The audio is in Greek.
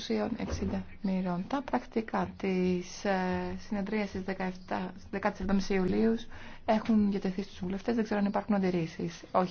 60 μοίρων. Τα πρακτικά της ε, συνεδρίας της 17, 17 Ιουλίου έχουν διατεθεί στους βουλευτές. Δεν ξέρω αν υπάρχουν αντιρρήσεις. Όχι.